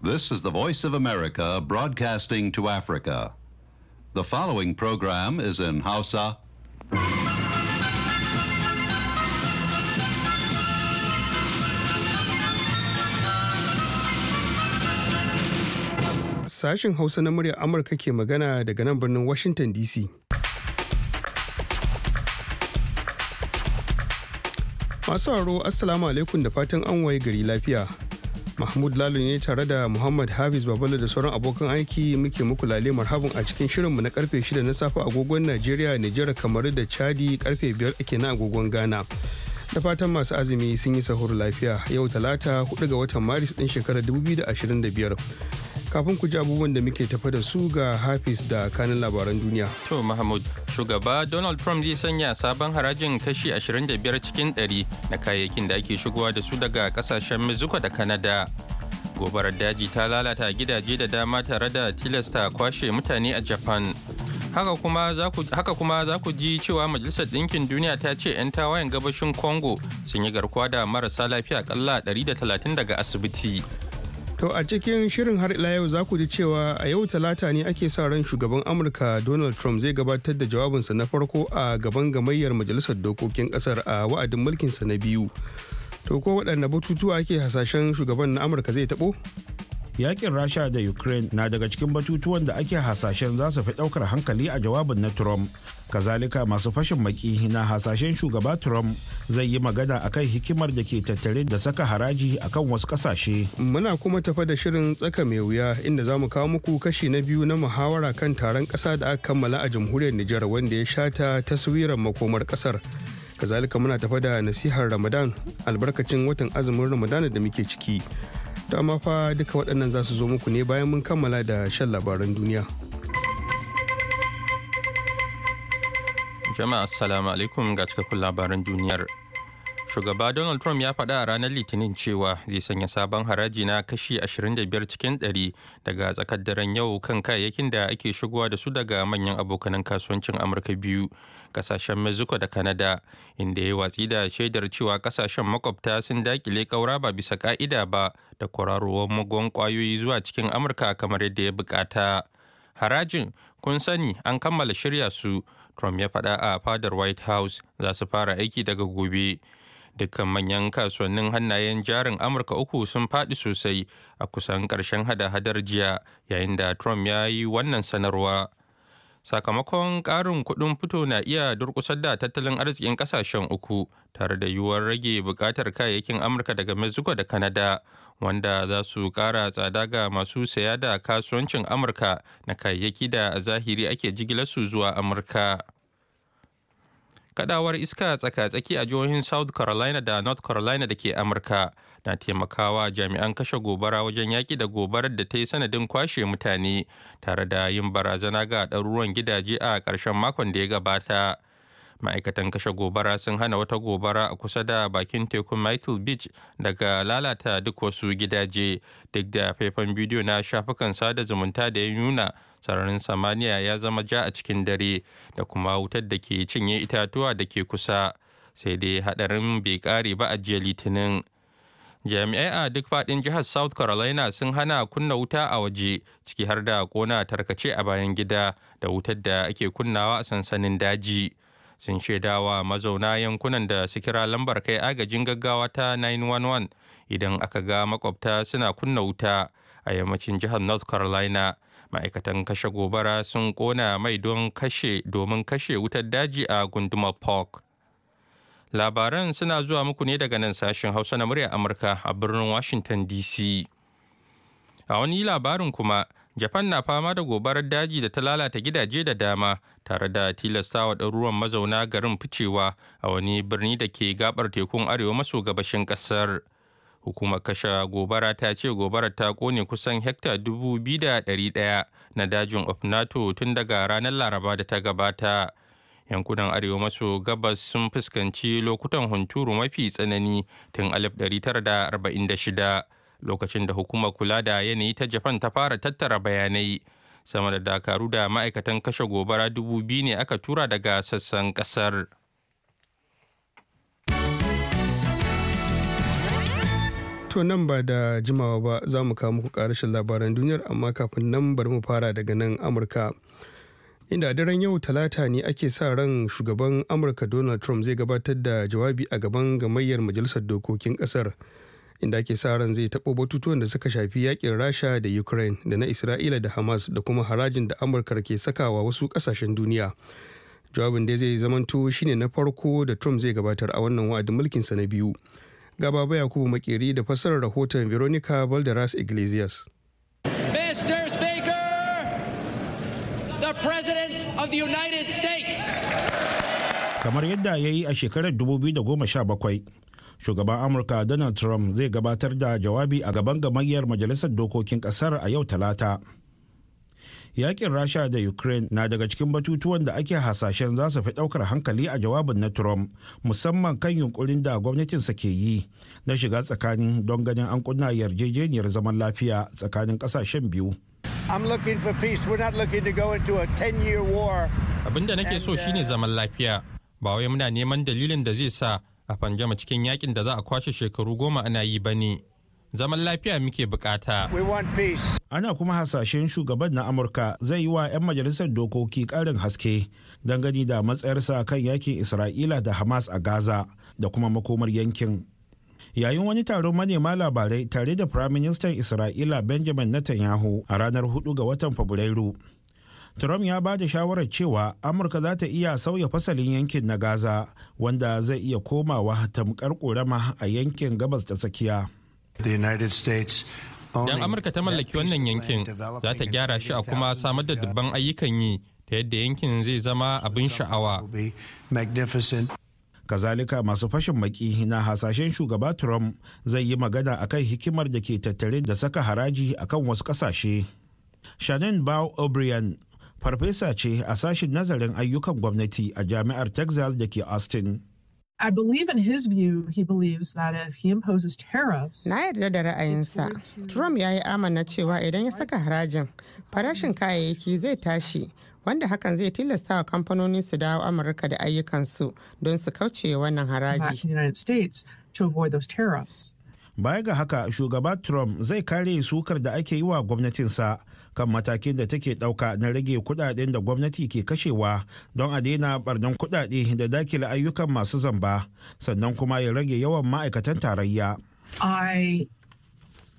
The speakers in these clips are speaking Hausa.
This is the Voice of America broadcasting to Africa. The following program is in Hausa. Sashen Hausa na muryar Amurka ke magana daga nan birnin Washington DC. Masu haro, Assalamu alaikum da fatan an waye gari lafiya. Mahmud Lalo ne tare da Muhammad Hafiz Babala da sauran abokan aiki muke muku lale marhabin a cikin shirin mu na karfe 6 na safe agogon Najeriya, Nijar, kamar da Chadi karfe 5 ake na agogon Ghana. Da fatan masu azumi sun yi sahur lafiya yau talata 4 ga watan Maris din shekarar 2025. kafin ku ji abubuwan da muke tafa da su ga hafiz da kanin labaran duniya. To Mahmud, shugaba Donald Trump zai sanya sabon harajin kashi 25 cikin 100 na kayayyakin da ake shigowa da su daga kasashen Mexico da Canada. Gobarar daji ta lalata gidaje da dama tare da tilasta kwashe mutane a Japan. Haka kuma za ku ji cewa Majalisar Ɗinkin Duniya ta ce 'yan tawayen gabashin Congo sun yi garkuwa da marasa lafiya kalla 130 daga asibiti. To a cikin shirin har ila yau za ku ji cewa a yau talata ne ake sa ran shugaban Amurka Donald Trump zai gabatar da jawabinsa na farko a gaban gamayyar majalisar dokokin kasar a wa'adin mulkinsa na biyu. To ko waɗanne batutuwa ake hasashen shugaban na Amurka zai taɓo? yakin rasha da ukraine na daga cikin batutuwan da ake hasashen za su fi daukar hankali a jawabin na trump kazalika masu fashin maki na hasashen shugaba trump zai yi magana akan hikimar da ke tattare da saka haraji akan wasu kasashe muna kuma tafa da shirin tsaka mai wuya inda za mu kawo muku kashi na biyu na muhawara kan taron kasa da aka kammala a jamhuriyar nijar wanda ya shata taswirar makomar kasar kazalika muna tafa da nasihar ramadan albarkacin watan azumin ramadan da muke ciki da ma fa duka waɗannan za su zo muku ne bayan mun kammala da shan labaran duniya. Jama'a assalamu alaikum ga cikakkun labaran duniyar. shugaba donald trump ya faɗa a ranar litinin cewa zai sanya sabon haraji na kashi 25 cikin 100 daga tsakar daren yau kan kayayyakin da ake shigowa da su daga manyan abokanan kasuwancin amurka biyu kasashen mexico da canada inda ya watsi da shaidar cewa kasashen makwabta sun dakile kaura ba bisa ka'ida ba da kwararowar mugun kwayoyi zuwa cikin amurka kamar yadda ya bukata harajin kun sani an kammala shirya su Trump ya faɗa a fadar White House za su fara aiki daga gobe dukkan manyan kasuwannin hannayen jarin amurka uku sun faɗi sosai a kusan ƙarshen hada-hadar jiya yayin da trump ya yi wannan sanarwa sakamakon ƙarin kuɗin fito na iya durƙusar da tattalin arzikin ƙasashen uku tare da yiwuwar rage buƙatar kayayyakin amurka daga mexico da canada wanda za su ƙara tsada ga masu saya da kasuwancin amurka na kayayyaki da a zahiri ake jigilar su zuwa amurka. kadawar iska tsaka-tsaki a jihohin south carolina da north carolina da ke amurka na taimakawa jami'an kashe gobara wajen yaƙi da gobarar da ta yi sanadin kwashe mutane tare da yin barazana ga ɗaruruwan gidaje a ƙarshen makon da ya gabata ma'aikatan kashe gobara sun hana wata gobara a kusa da bakin tekun michael beach daga lalata duk wasu gidaje duk da faifan bidiyo na shafukan sada zumunta da ya nuna sararin samaniya ya zama ja a cikin dare da kuma wutar da ke cinye itatuwa da ke kusa sai dai hadarin bai kare ba a jiya litinin jami'ai a duk fadin jihar south carolina sun hana kunna wuta a waje ciki har da kona tarkace a bayan gida da wutar da ake kunnawa a sansanin daji sun shaidawa mazauna yankunan da su kira lambar kai agajin gaggawa ta 911 idan aka ga makwabta suna kunna wuta a yammacin jihar north carolina ma'aikatan kashe gobara sun kona mai don kashe domin kashe wutar daji a gundumar park labaran suna zuwa muku ne daga nan sashen hausa na murya amurka a birnin washington dc a wani labarin kuma japan na fama da gobarar daji da ta lalata gidaje da dama tare da tilastawa ruwan mazauna garin ficewa a wani birni da ke gabar tekun arewa maso gabashin ƙasar. kasar hukumar kashe gobara ta ce gobarar ta kone kusan hekta 2,100 na dajin of nato tun daga ranar laraba da ta gabata yankunan arewa maso gabas sun fuskanci lokutan hunturu mafi tsanani tun 1946 lokacin da hukumar kula da yanayi ta japan ta fara tattara bayanai sama da dakaru da ma'aikatan kashe gobara dubu biyu ne aka tura daga sassan kasar. To nan ba da jimawa ba za mu kawo muku karashin labaran duniyar amma kafin nan bari mu fara daga nan Amurka. Inda daren yau talata ne ake sa ran shugaban Amurka Donald Trump zai gabatar da jawabi a gaban gamayyar majalisar dokokin kasar. Inda ake sa ran zai taɓo batutuwan da suka shafi yakin Rasha da Ukraine da na Isra'ila da Hamas da kuma harajin da Amurka ke sakawa wasu ƙasashen duniya. Jawabin da zai zamanto shine na farko da Trump zai gabatar a wannan wa'adin mulkinsa na biyu. gaba baya yakubu makeri da fassarar rahoton veronica balderas iglesias mr speaker the president of the united states kamar yadda ya yi a shekarar 2017 shugaban amurka donald trump zai gabatar da jawabi a gaban gamayyar majalisar dokokin kasar a yau talata yakin rasha da ukraine na daga cikin batutuwan da ake hasashen za su fi daukar hankali a jawabin na trump musamman kan yunkurin da gwamnatinsa ke yi na shiga tsakanin don ganin an kunna yarjejeniyar zaman lafiya tsakanin kasashen biyu abin da nake so shine uh, zaman lafiya ba wai muna neman dalilin da zai sa a fanjama cikin yakin da za a kwashe shekaru goma ana yi ba ne zaman lafiya muke bukata. Ana kuma hasashen shugaban na Amurka zai yi wa 'yan majalisar dokoki ƙarin haske gani da matsayarsa kan yakin Isra'ila da Hamas a Gaza da kuma makomar yankin. Yayin wani taron manema labarai tare da Firaministan Isra'ila Benjamin Netanyahu a ranar 4 ga watan Fabrairu. Trump ya ba da shawarar cewa Amurka za ta iya sauya fasalin yankin na Gaza wanda zai iya komawa tamkar ƙorama a yankin gabas da tsakiya. Idan Amurka ta mallaki wannan yankin za ta gyara shi a kuma samar da dubban ayyukan yi ta yadda yankin zai zama abin sha'awa. Kazalika masu fashin maki na hasashen shugaba Trump zai yi magana a kan hikimar da ke tattare da saka haraji akan wasu kasashe. Shannon Bao O'Brien farfesa ce a sashen nazarin ayyukan gwamnati a jami'ar Texas da ke Austin. I believe in his view, he believes that if he imposes tariffs. Na yarda da ra'ayinsa. Trump ya yi amana cewa idan ya saka harajin, farashin kayayyaki zai tashi, wanda hakan zai tilasta wa kamfanoni su dawo Amurka da ayyukansu don su kauce wannan haraji. Baya ga haka, shugaba Trump zai kare sukar da ake yi wa gwamnatinsa kan matakin da take ɗauka na rage kudaden da gwamnati ke kashewa don a daina barnan kudade da dakila ayyukan masu zamba sannan kuma ya rage yawan ma'aikatan tarayya.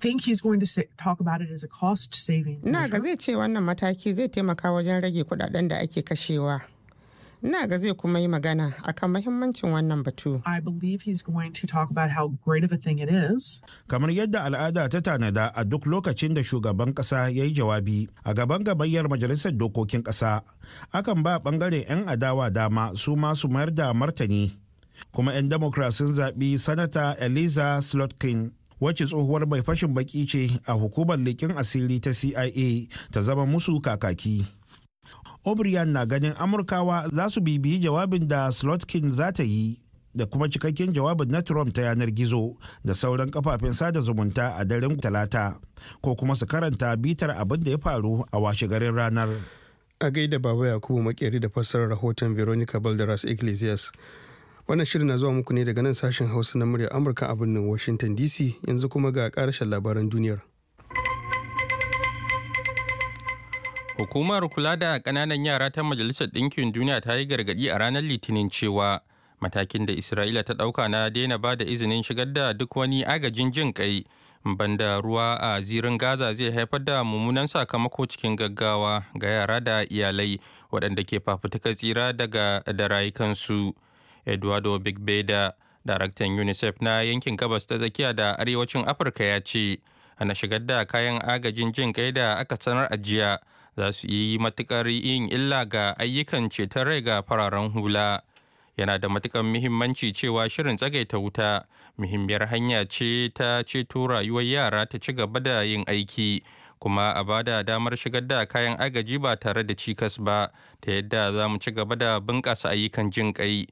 think Ina ga zai ce wannan mataki zai taimaka wajen rage kudaden da ake kashewa. Ina ga zai kuma yi magana akan mahimmancin wannan batu. I believe he's going to talk about how great of a thing it is. Kamar yadda al'ada ta tanada a duk lokacin da shugaban kasa ya yi jawabi a gaban gabayyar majalisar dokokin kasa, akan ba bangare 'yan adawa dama su masu mayar da martani. Kuma 'yan Democrats sun zaɓi Sanata Eliza Slotkin. wacce tsohuwar mai fashin baki ce a hukumar leƙin asiri ta cia ta zama musu kakaki obrian na ganin amurkawa za su bibiyi jawabin da slotkin za ta yi da kuma cikakken jawabin na trump ta yanar gizo da sauran kafafen sada zumunta a daren talata ko kuma su karanta bitar abin da ya faru a washe garin ranar a gaida baba yakubu makeri da fassarar rahoton veronica balderas iglesias wannan shirin na zuwa muku ne daga nan sashen hausa na murya amurka a birnin washington dc yanzu kuma ga karshen labaran duniyar Hukumar kula da kananan yara ta Majalisar Ɗinkin Duniya ta yi gargaɗi a ranar Litinin cewa matakin da Isra'ila ta ɗauka na daina ba da izinin shigar da duk wani agajin jin ƙai banda ruwa a zirin Gaza zai haifar da mummunan sakamako cikin gaggawa ga yara da iyalai waɗanda ke fafutukar tsira daga da rayukansu. Eduardo Bigbeda, daraktan UNICEF na yankin gabas ta tsakiya da arewacin Afirka ya ce, ana shigar da kayan agajin jin kai da aka sanar a jiya za su yi matukar yin illa ga ayyukan ceton rai ga fararen hula yana da matukar muhimmanci cewa shirin tsagaita wuta muhimmiyar hanya ce ta ceto rayuwar yara ta ci gaba da yin aiki kuma a bada damar shigar da kayan agaji ba tare da cikas ba ta yadda za mu ci gaba da bunƙasa ayyukan jin ƙai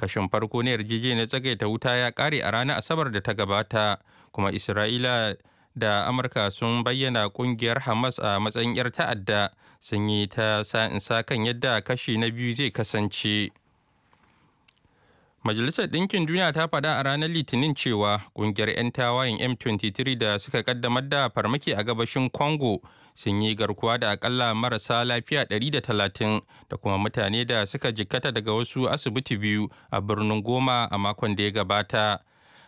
kashin farko na yarjejeniyar tsagaita wuta ya ƙare a ranar asabar da ta gabata kuma isra'ila da amurka sun bayyana kungiyar hamas a matsayin 'yar ta'adda sun yi ta sa'insa kan yadda kashi na biyu zai kasance majalisar ɗinkin duniya ta faɗa a ranar litinin cewa kungiyar 'yan tawayen m23 da suka kaddamar da farmaki a gabashin congo sun yi garkuwa da akalla marasa lafiya 130 da kuma mutane da suka jikkata daga wasu asibiti biyu a birnin goma a makon da ya gabata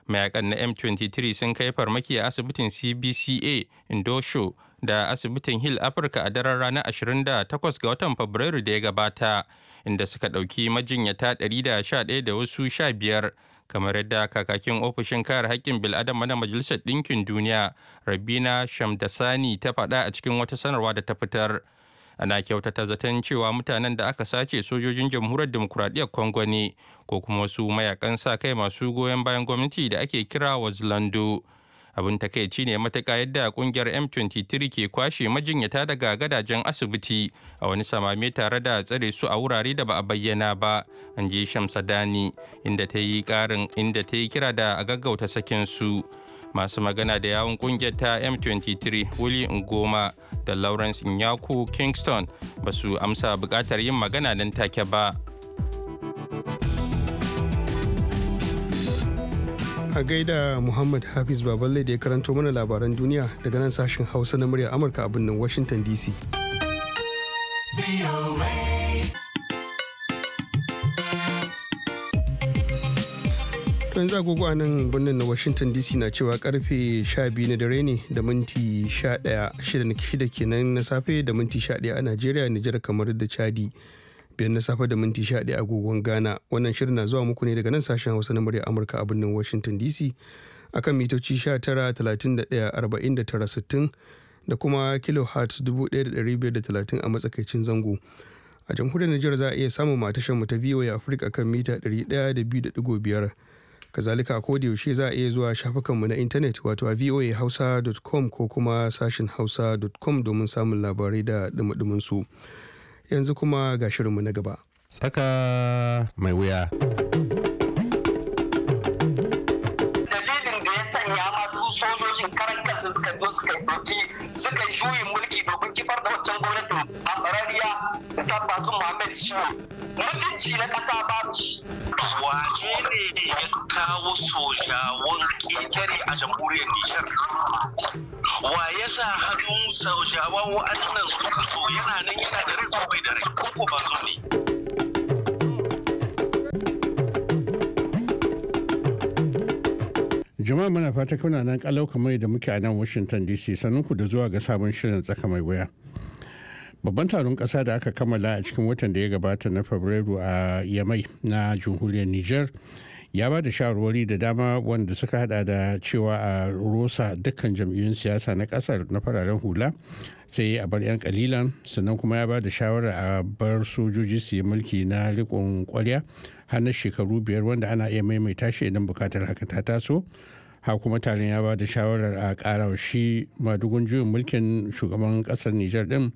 mayakan na m23 sun kai farmaki a asibitin cbca indosho da asibitin hill africa a daren ranar 28 ga watan fabrairu da ya gabata inda suka ɗauki majinyata 111 da wasu 15 kamar yadda kakakin ofishin kare haƙƙin bil'adama na majalisar ɗinkin duniya rabina shamdasani ta faɗa a cikin wata sanarwa da ta fitar ana kyautata zaton cewa mutanen da aka sace sojojin jamhuriyar demokuraɗiyyar kongo ne ko kuma wasu mayakan sa kai masu goyon bayan gwamnati da ake kira wazlando abin takaici ne matuƙa yadda kungiyar m23 ke kwashe majinyata daga gadajen asibiti a wani samame tare da tsare su a wurare da ba a bayyana ba an je shamsa dani inda ta yi kira da a gaggauta sakin su masu magana da yawon kungiyar ta m23 wuli ngoma da lawrence nyaku kingston ba su amsa bukatar yin magana nan take ba a gaida muhammad hafiz baballe da ya karanto mana labaran duniya daga nan sashen hausa na murya amurka a birnin washington dc yanzu zagogo a nan birnin na washington dc na cewa karfe 12 na dare ne da minti 11 kenan na safe da minti 11 a najeriya nijar kamar da chadi biyan na safe da minti 11 agogon ghana wannan shirin na zuwa muku ne daga nan sashen hausa na murya amurka a birnin washington dc akan mitoci 19 31 da kuma kilohertz 1530 a matsakaicin zango a jamhuriyar Nijar za a iya samun matashin mu ta VOA Africa kan mita 102.5 kazalika ko da yaushe za a iya zuwa shafukanmu na intanet wato a voahausa.com ko kuma sashin hausa.com domin samun labarai da dumadumin su yanzu kuma ga shirinmu na gaba tsaka mai wuya su suka zo suka doki suka juyin mulki domin kifar da waccan gwamnatin ambarariya ta basu Muhammad Shehu mutunci na ƙasa ba shi. Wane ne ya kawo sojawan ƙetare a jamhuriyar Nijar? Wa ya sa hannun sojawan wa'annan suka zo yana nan yana da rai ko bai da rai ko ba zo ne? jama'a muna fata kuna nan kalau kamar da muke a nan washington dc ku da zuwa ga sabon shirin tsaka mai wuya babban taron kasa da aka kammala a cikin watan da ya gabata na fabrairu a yamai na jamhuriyar niger ya ba da shawarwari da dama wanda suka hada da cewa a rosa dukkan jam'iyyun siyasa na kasar na fararen hula sai a bar 'yan kalilan sannan kuma ya ba da shawara a bar sojoji su yi mulki na rikon kwarya har na shekaru biyar wanda ana iya maimaita shi idan bukatar haka ta taso ha kuma taron ya ba da shawarar a kara shi madugun juyin mulkin shugaban kasar nijar din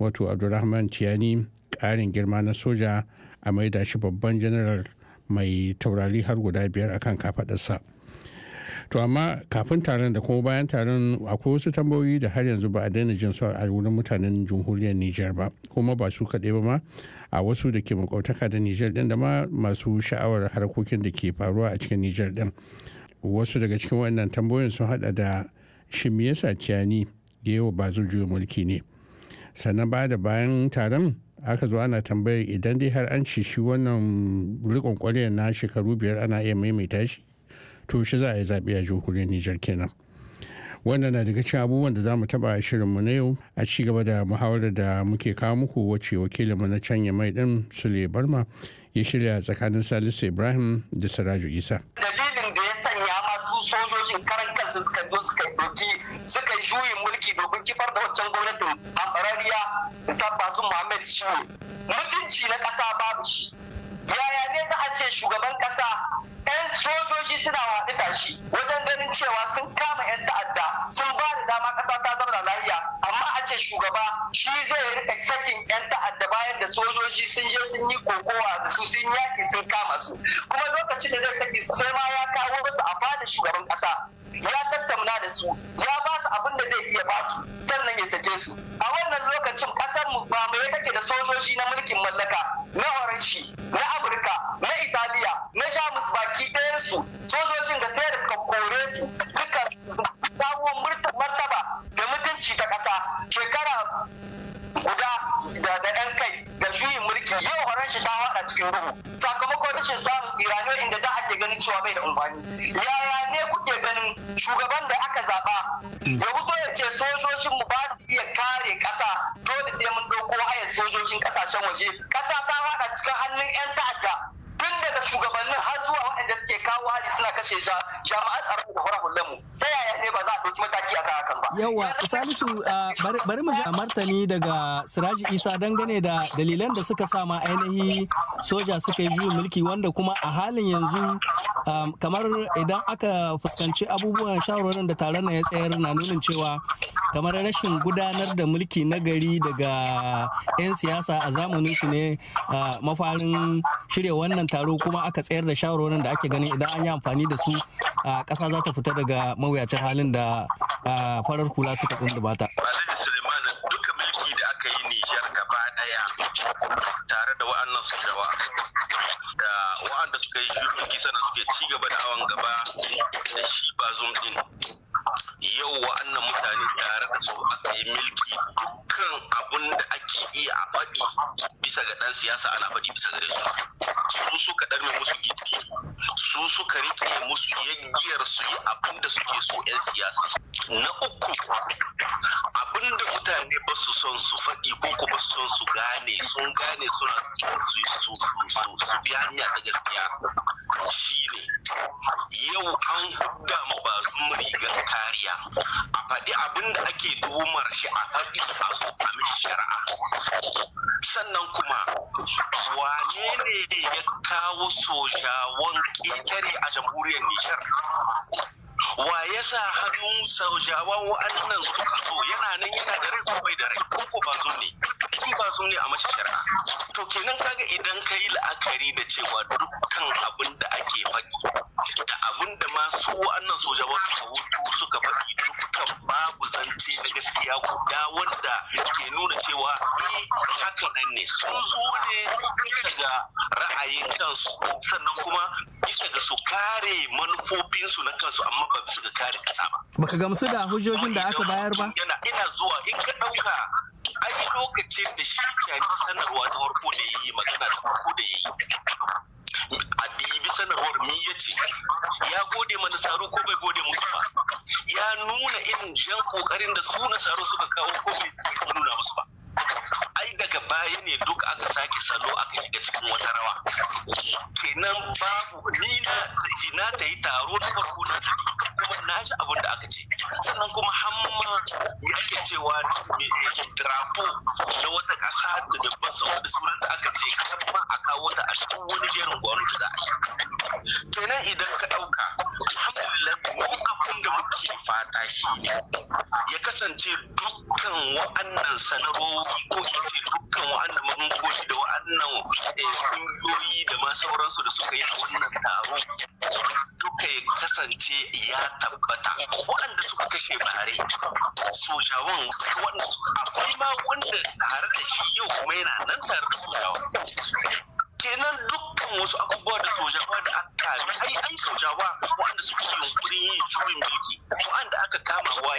wato abdulrahman tiyani ƙarin girma na soja a maida shi babban janaral mai taurari har guda biyar akan kafadarsa. to amma kafin taron da kuma bayan taron akwai wasu tambayoyi da har yanzu ba a daina jin su a wurin mutanen jamhuriyar niger ba kuma ba su kaɗai ba ma a wasu da ke makwautaka da niger din da ma masu sha'awar harkokin da ke faruwa a cikin niger din wasu daga cikin wannan tambayoyin sun hada da shin me yasa ciyani da yawa ba juya mulki ne sannan ba da bayan taron aka zo ana tambayar idan dai har an ci shi wannan rikon kwaryar na shekaru biyar ana iya maimaita shi to shi za a yi zaɓe a jamhuriyar Nijar kenan. wannan na daga cikin abubuwan da za mu taba a shirinmu na yau a ci gaba da muhawarar da muke kawo muku wacce wakilinmu na canya mai din sule barma ya shirya tsakanin salisu ibrahim da siraju isa dalilin da ya sanya masu sojojin karan kansu suka zo suka doki suka yi juyin mulki domin kifar da waccan gwamnatin amfarariya ta basu muhammad shi mutunci na ƙasa babu shi yaya ne za a ce shugaban kasa 'yan sojoji suna haɗu tashi wajen ganin cewa sun kama 'yan ta'adda sun ba da dama ƙasa ta zama lafiya amma a ce shugaba shi zai rika cakin 'yan ta'adda bayan da sojoji sun je sun yi kokowa da su sun yaƙi sun kama su kuma lokacin da zai saki sai ma ya kawo musu a fada shugaban ƙasa ya tattauna da su ya ba su abin da zai iya ba su sannan ya sace su a wannan lokacin kasar mu ba mai take da sojoji na mulkin mallaka na oranshi na amurka na italiya na jamus baki ɗayan su sojojin da sai da suka kore su suka samu martaba da mutunci ta ƙasa shekara guda da da ɗan kai da juyin mulki yau horon ta haɗa cikin ruhu sakamakon rashin samun iraniyo inda da ake ganin cewa bai da amfani ya shugaban da aka zaba ya wuto ya ce sojojin mu ba su iya kare kasa dole sai mun dauko hayar sojojin kasashen waje kasa ta fada cikin hannun yan ta'adda tun daga shugabannin har zuwa waɗanda suke kawo hari suna kashe jami'an tsaro yawa salisu bari mu ga martani daga siraji isa dangane da dalilan da suka sama ainihi soja suka yi juyin mulki wanda kuma a halin yanzu um, kamar idan aka fuskanci abubuwan shawarwarin da taron na ya tsayar na nunin cewa kamar rashin gudanar da mulki na gari daga 'yan siyasa a zamanin su ne mafarin shirya wannan taro kuma aka tsayar da shawarwarin da ake ganin idan an yi amfani da su ƙasa za ta fita daga mawuyacin halin da farar hula suka tsundubata. Alhaji Suleiman duka mulki da aka yi Nijar gaba daya tare da wa'annan sojawa da wa'anda suka yi jirgi na suke ci gaba da awon gaba da shi ba din. Yau wa'annan mutane tare da su aka yi mulki dukkan abun da ake iya a faɗi bisa ga ɗan siyasa ana faɗi bisa gare su. Su suka ɗarme musu gidi, su suka riƙe musu yaggiyar su yi wane ne ya kawo sojawan ƙetare a jamhuriyar Nijar? wa ya sa hannun sojawan wa'annan suka so yana nan yana da rai ko bai da rai ko ko ba zo ne kin ba zo ne a mashi shari'a to kenan kaga idan ka yi la'akari da cewa dukkan abin da ake faɗi da abin da ma su wa'annan sojawan su suka faɗi duk hakan babu zance na gaskiya guda wanda ke nuna cewa eh, haka nan ne sun zo ne bisa ga ra'ayin kansu sannan kuma bisa ga su kare manufofinsu na kansu amma ba bisa ga kare kasa ba baka gamsu da hujjojin da aka bayar ba ina zuwa in ka ɗauka ai lokacin da shi jami'in sanarwa ta farko da yayi magana ta farko da yayi a sanarwar mi ya ce ya gode ma nasaru ko bai gode musu ba ya nuna irin jan kokarin da su nasaru suka kawo ko bai nuna musu ba ai daga baya ne duk aka sake salo aka shiga cikin wata rawa kenan babu ni na na ta yi taro na farko na ta kuma na ji abin da aka ce sannan kuma hamma ya ake cewa eh, drapo na wata kasa da dabban sauran sunan da aka ce hamma wata a cikin wani jerin gwano da za a yi kenan idan ka ɗauka alhamdulillah ko abin da muke fata shi ne ya kasance dukkan wa'annan sanarori ko ce dukkan wa'annan magungoshi da wa'annan kungiyoyi eh, da ma sauransu da suka yi a wannan taro duka ya kasance ya tabbata waɗanda suka kashe bare sojawan waɗanda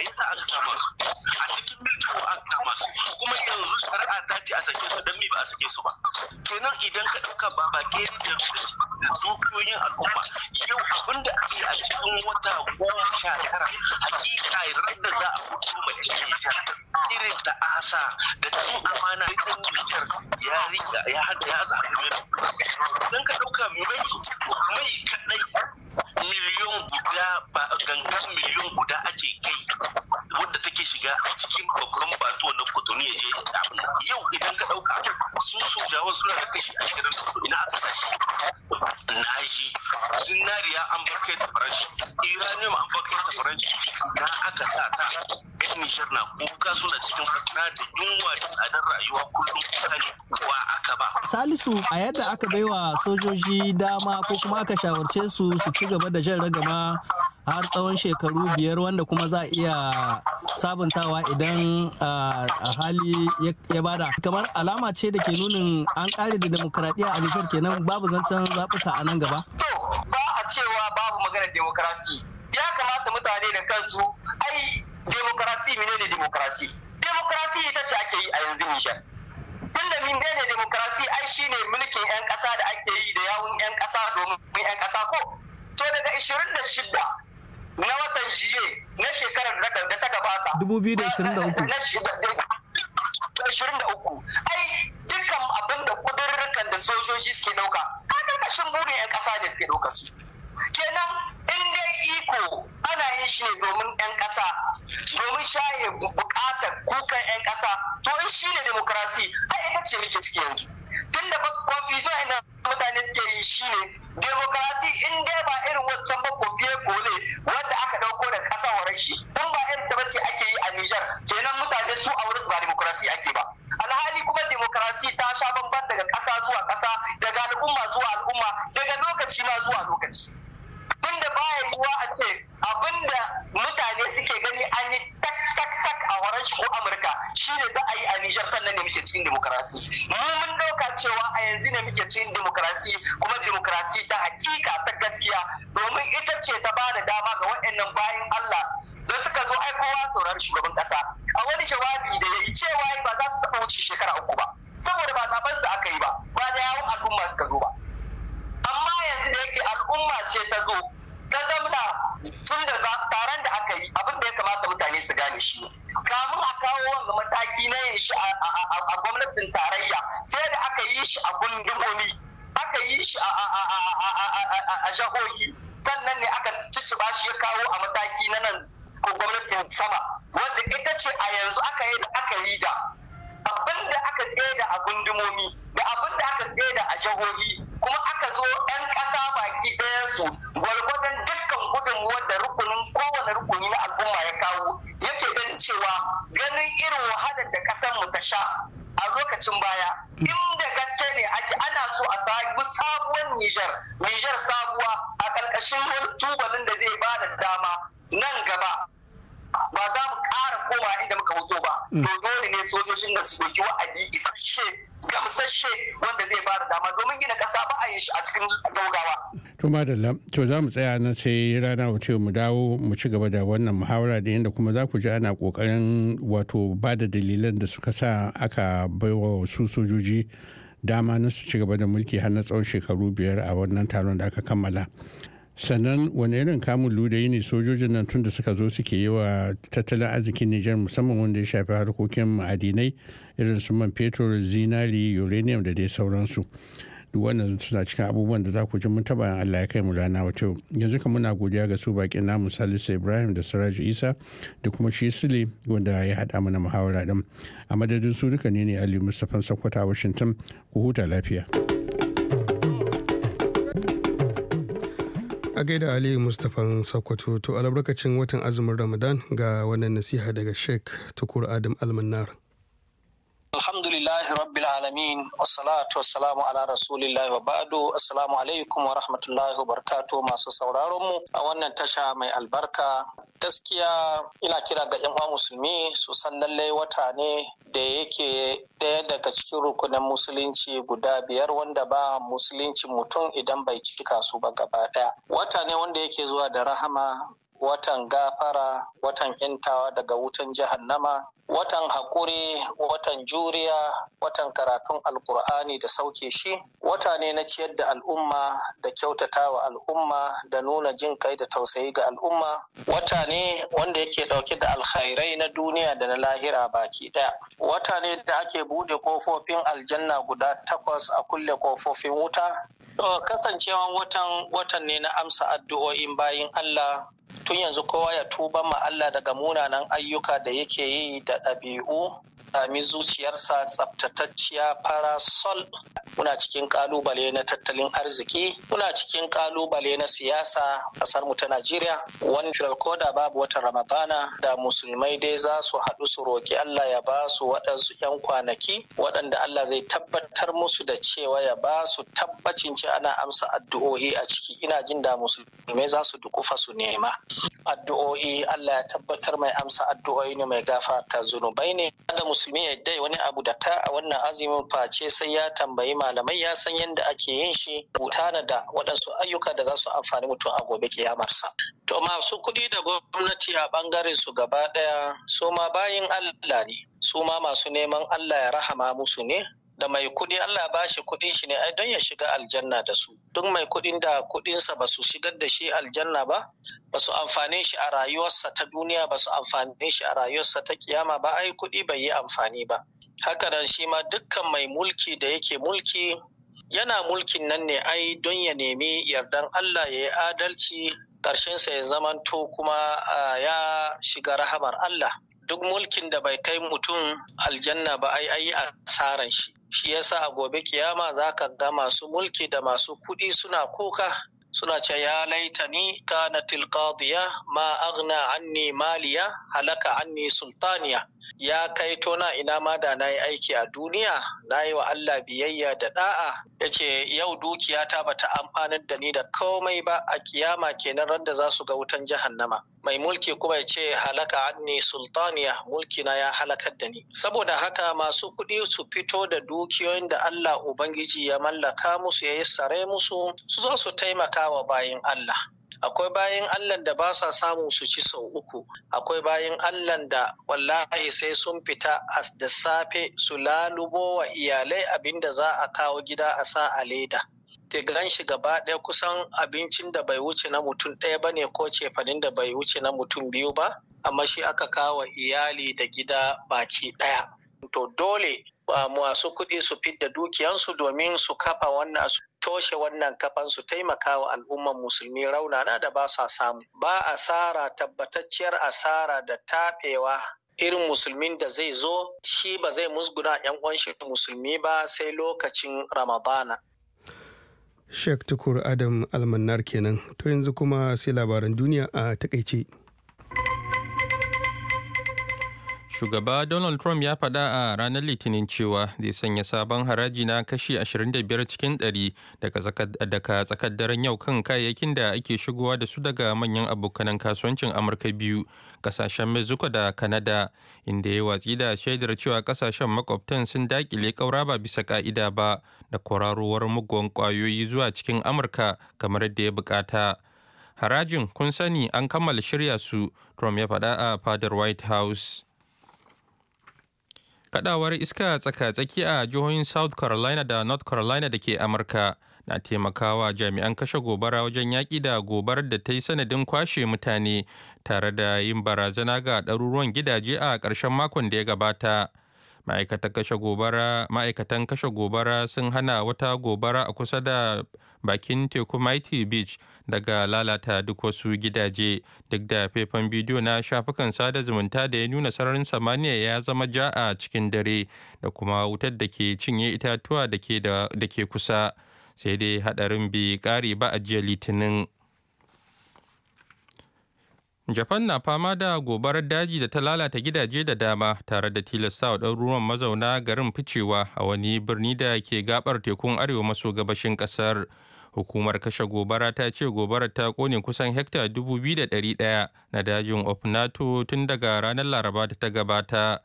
ta masu a cikin mulki ko masu kuma yanzu shari'a ta ce a sake su dan me ba a sake su ba kenan idan ka dauka ba ba ke da dukiyoyin al'umma yau abin da ake a cikin wata goma sha tara hakika da za a fito ma yan irin ta asa da cin amana da yan Nijar ya ya su a yadda aka baiwa sojoji dama ko kuma aka shawarce su su ci gaba da jan ragama har tsawon shekaru biyar wanda kuma za a iya sabuntawa idan a hali ya bada kamar alama ce da ke nunin an kare da demokradiyya a nishar kenan babu zancen zaɓuka a nan gaba cewa babu maganar demokrasi ya kamata mutane da kansu ai demokrasi menene demokrasi demokrasi ita ce ake yi a yanzu nishar da menene demokrasi ai shi ne mulkin yan kasa da ake yi da yawun yan kasa domin yan kasa ko to daga 26 na watan jiye na shekarar da ta gabata 2023 ai dukkan abin da kudurrukan da sojoji suke dauka a karkashin burin yan kasa ne suke dauka su kenan in dai iko ana yin shi domin 'yan kasa domin shaye bukatar kukan 'yan ƙasa to in shi ne demokrasi a ita ce muke cikin yanzu tun da confusion ina mutane suke yi shi ne demokrasi in dai ba irin waccan ba kofiye kole wanda aka ɗauko da ƙasa wurin shi in ba irin ta bace ake yi a Nijar kenan mutane su a wurin ba demokrasi ake ba alhali kuma demokrasi ta sha bamban daga kasa zuwa kasa daga al'umma zuwa al'umma daga lokaci ma zuwa lokaci baya yiwuwa a ce abinda mutane suke gani an yi tak tak tak a wurin shi ko amurka shi ne za a yi a nijar sannan ne muke cikin demokarasi mu mun ɗauka cewa a yanzu ne muke cikin demokarasi kuma demokarasi ta hakika ta gaskiya domin ita ce ta ba da dama ga waɗannan bayan allah da suka zo kowa sauran shugaban ƙasa a wani jawabi da ya yi cewa ba za su taɓa wuce shekara uku ba saboda ba zaɓen su aka yi ba ba da yawon al'umma suka zo ba amma yanzu da yake al'umma ce ta zo ta zamna tun da taron da aka yi abin da ya kamata mutane su gane shi kamun a kawo wanga mataki na yin shi a gwamnatin tarayya sai da aka yi shi a gundumomi aka yi shi a jahohi sannan ne aka cicciba shi ya kawo a mataki na nan ko gwamnatin sama wanda ita ce a yanzu aka yi da aka yi da abin da aka tsaida a gundumomi da abin da aka tseda a jahohi kuma aka zo 'yan ƙasa baki su. gwargwadon dukkan gudunmuwar da rukunin kowane rukuni na al'umma ya kawo yake ganin cewa ganin irin wahalar da kasar mu ta sha a lokacin baya inda gaske ne ake ana so a sabu sabuwar Nijar Nijar sabuwa a ƙarƙashin wani tubalin da zai ba da dama nan gaba ba za mu ƙara koma inda muka wuto ba mm. to dole ne sojojin da su ɗauki wa'adi isasshe gamsasshe wanda zai fara da dama domin gina ƙasa ba a yin shi a cikin gaugawa. to madalla to za mu tsaya nan sai rana wuce mu dawo mu ci gaba da wannan muhawara da yadda kuma za ku ji ana kokarin wato ba da dalilan da suka sa aka baiwa su sojoji dama na su ci gaba da mulki har na tsawon shekaru biyar a wannan taron da aka kammala sannan wani irin kamun ludayi ne sojojin nan tun da suka zo suke yi wa tattalin arzikin nijar musamman wanda ya shafi harkokin ma'adinai irin su man fetur zinari uranium da dai sauransu duk wannan suna cikin abubuwan da za ku ji mun taba Allah ya kai mu rana wata yau yanzu kan muna godiya ga su bakin namu Salisu Ibrahim da Siraj Isa da kuma shi Sule wanda ya haɗa mana muhawara din a madadin su duka ne ne Ali Mustapha Sakwata a Washington ku huta lafiya. a gaida ali mustapha sokoto to albarkacin watan azumin ramadan ga wannan nasiha daga sheikh tukur adam almanar Alhamdulillahi rabbil alamin wassalatu wassalamu ala rasulillahi wa ba'du assalamu alaikum wa rahmatullahi wa barakatuh masu sauraron mu a wannan tasha mai albarka gaskiya ina kira ga yan musulmi su san lallai wata ne da yake ɗaya daga cikin rukunin musulunci guda biyar wanda ba musulunci mutum idan bai cika su ba gaba ɗaya wata ne wanda yake zuwa da rahama watan gafara watan yantawa daga wutan jahannama watan haƙuri watan juriya watan karatun alkur'ani da sauke shi wata ne na ciyar da al'umma da kyautata wa al'umma da nuna jin kai da tausayi ga al'umma wata ne wanda yake ɗauke da alkhairai na duniya da na lahira baki ɗaya wata ne da ake buɗe kofofin aljanna guda takwas a kulle kofofin wuta kasancewa watan watan ne na amsa addu'o'in bayin Allah tun yanzu kowa ya tuba ma Allah daga munanan ayyuka da yake yi da ɗabi'u sami zuciyarsa tsaftatacciya sol muna cikin kalubale na tattalin arziki muna cikin kalubale na siyasa kasar mu ta najeriya wani koda babu wata ramadana da musulmai dai za su haɗu su roƙi allah ya ba su waɗansu 'yan kwanaki waɗanda allah zai tabbatar musu da cewa ya ba su tabbacin ce ana amsa addu'o'i a ciki ina jin da musulmai za su dukufa su nema addu'o'i allah ya tabbatar mai amsa addu'o'i ne mai gafarta zunubai ne da musulmi ya dai wani abu da ka a wannan azumin face sai ya tambayi malamai ya san yadda ake yin shi tana da waɗansu ayyuka da za su amfani mutum a gobe kiyamarsa. To masu kuɗi da gwamnati a ɓangaren su gaba ɗaya su ma bayin Allah ne, su ma masu neman Allah ya rahama musu ne, da mai kuɗi Allah ba shi kuɗin shi ne ai don ya shiga aljanna da su duk mai kuɗin da kuɗinsa ba su shigar da shi aljanna ba ba su amfane shi a rayuwarsa ta duniya ba su amfane shi a rayuwarsa ta kiyama ba ai kuɗi bai yi amfani ba haka nan shi ma dukkan mai mulki da yake mulki yana mulkin nan ne ai don ya nemi yardan Allah ya yi adalci ƙarshensa ya zamanto kuma ah, ya shiga rahamar Allah duk mulkin da bai kai mutum aljanna ba ai ai asaran shi shi yasa a gobe kiyama zaka ga masu mulki da masu kuɗi suna kuka suna ce ya ni kanatil qadiya ma aghna anni maliya halaka anni sultaniya ya kai tona ina ma da na yi aiki a duniya na yi wa Allah biyayya da da'a ya ce yau dukiyata bata amfanar da ni da komai ba a kiyama kenan ran da za su ga wutan jahannama mai mulki kuma ya ce halaka anni sultaniya mulki na ya halakar da ni saboda haka masu kuɗi su fito da dukiyoyin da Allah ubangiji ya mallaka musu ya yi sare musu su zo su taimaka wa bayin Allah akwai bayan allah da ba sa samu su ci sau uku akwai bayan allah da wallahi sai sun fita da safe su lalubo wa iyalai abinda za a kawo gida a sa a leda Tigran shi gaba ɗaya kusan abincin da bai wuce na mutum ɗaya ba ne ko cefanin da bai wuce na mutum biyu ba amma shi aka kawo iyali da gida baki ɗaya to dole ah, masu kuɗi su fidda dukiyansu domin su kafa wannan toshe wannan kafan su taimaka wa al'umman musulmi raunana da ba sa samu ba asara tabbatacciyar asara da taɓewa irin musulmin da zai zo shi ba zai musguna 'yan uwan musulmi ba sai lokacin ramadana Sheikh Tukur Adam Almannar kenan to yanzu kuma sai labaran duniya a takaice. Shugaba Donald Trump ya faɗa a ranar Litinin cewa zai sanya sabon haraji na kashi 25 cikin 100 daga tsakar daren yau kan kayayyakin da ake shigowa da su daga manyan abokanan kasuwancin Amurka biyu, kasashen Mexico da Canada, inda ya watsi da shaidar cewa kasashen makwabtan sun dakile kaura ba bisa ka'ida ba da kwararowar mugun kwayoyi zuwa cikin Amurka kamar yadda ya bukata. Harajin kun sani an kammala shirya su, Trump ya faɗa a fadar White House. Kadawar iska tsaka-tsaki a jihohin South Carolina da North Carolina da ke Amurka na taimakawa jami'an kashe gobara wajen yaƙi da gobarar da ta yi sanadin kwashe mutane tare da yin barazana ga ɗaruruwan gidaje a ƙarshen makon da ya gabata. ma'aikatan kashe gobara sun hana wata gobara a kusa da bakin teku mighty beach daga lalata duk wasu gidaje duk da faifan bidiyo na shafukan sada zumunta da ya nuna sararin samaniya ya zama ja a cikin dare da kuma wutar da ke cinye itatuwa da ke kusa sai dai hadarin bai kare ba a jiya litinin Japan na fama da gobarar daji da ta lalata gidaje da dama tare da tilasta tilastawa ɗaruruwan mazauna garin ficewa a wani birni da ke gabar tekun arewa maso gabashin ƙasar. Hukumar kashe gobara ta ce gobarar ta ƙone kusan hekta 2,100 na dajin nato tun daga ranar Laraba ta gabata.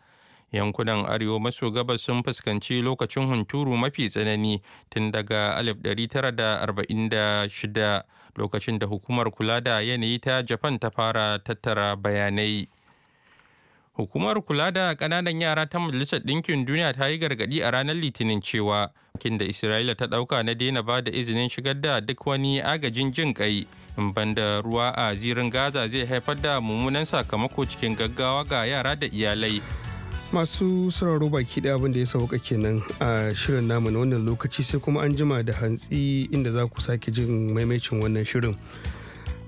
Yankunan arewa maso gabas sun fuskanci lokacin hunturu mafi tsanani tun daga 1946. lokacin da hukumar kula da yanayi ta japan ta fara tattara bayanai hukumar kula da kananan yara ta majalisar ɗinkin duniya ta yi gargaɗi a ranar litinin cewa kin da isra'ila ta ɗauka na daina ba da izinin shigar da duk wani agajin jin kai in da ruwa a zirin gaza zai haifar da mummunan sakamako cikin gaggawa ga yara da iyalai masu sauraro baki da abin da ya sauka kenan a shirin namu na wannan lokaci sai kuma an jima da hantsi inda za ku sake jin maimacin wannan shirin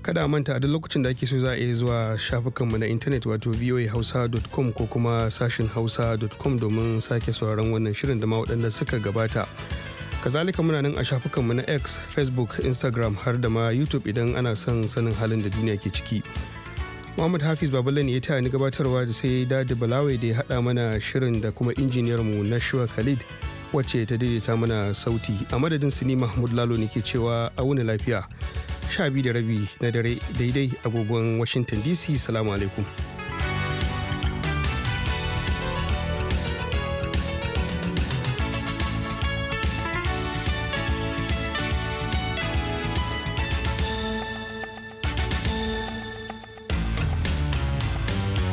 kada manta a duk lokacin da ake so za a iya zuwa shafukanmu na intanet wato voahausa.com ko kuma sashin hausa.com domin sake sauraron wannan shirin da ma waɗanda suka gabata kazalika muna nan a shafukanmu na x facebook instagram har da ma youtube idan ana son sanin halin da duniya ke ciki. Muhammad Hafiz Babalan ya taya ni gabatarwa da sai Dadi Balawai da ya hada mana shirin da kuma injiniyar mu Nashua Khalid wacce ta daidaita mana sauti a madadin su ni Mahmud Lalo ne ke cewa a wuni lafiya. Sha biyu da rabi na dare daidai agogon Washington DC. Salamu alaikum.